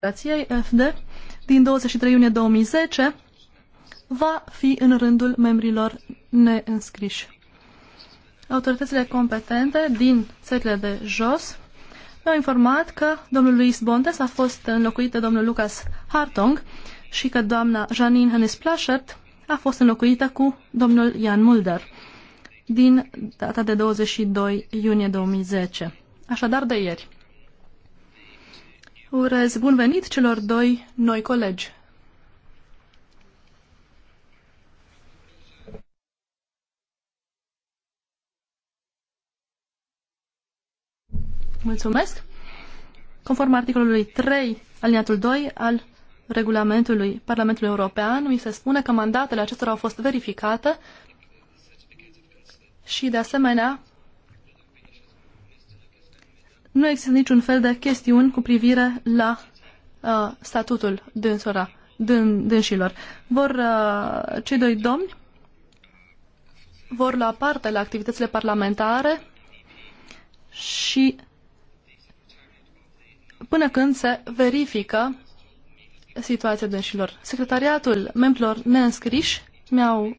Federației FD din 23 iunie 2010 va fi în rândul membrilor neînscriși. Autoritățile competente din țările de jos mi-au informat că domnul Luis Bontes a fost înlocuit de domnul Lucas Hartong și că doamna Janine Hannes Plaschert a fost înlocuită cu domnul Ian Mulder din data de 22 iunie 2010, așadar de ieri. Urez bun venit celor doi noi colegi. Mulțumesc. Conform articolului 3, aliniatul 2 al regulamentului Parlamentului European, mi se spune că mandatele acestora au fost verificate și, de asemenea, nu există niciun fel de chestiuni cu privire la uh, statutul dânsora, dân, dânșilor. Vor, uh, cei doi domni vor lua parte la activitățile parlamentare și până când se verifică situația dânșilor. Secretariatul membrilor neînscriși mi-au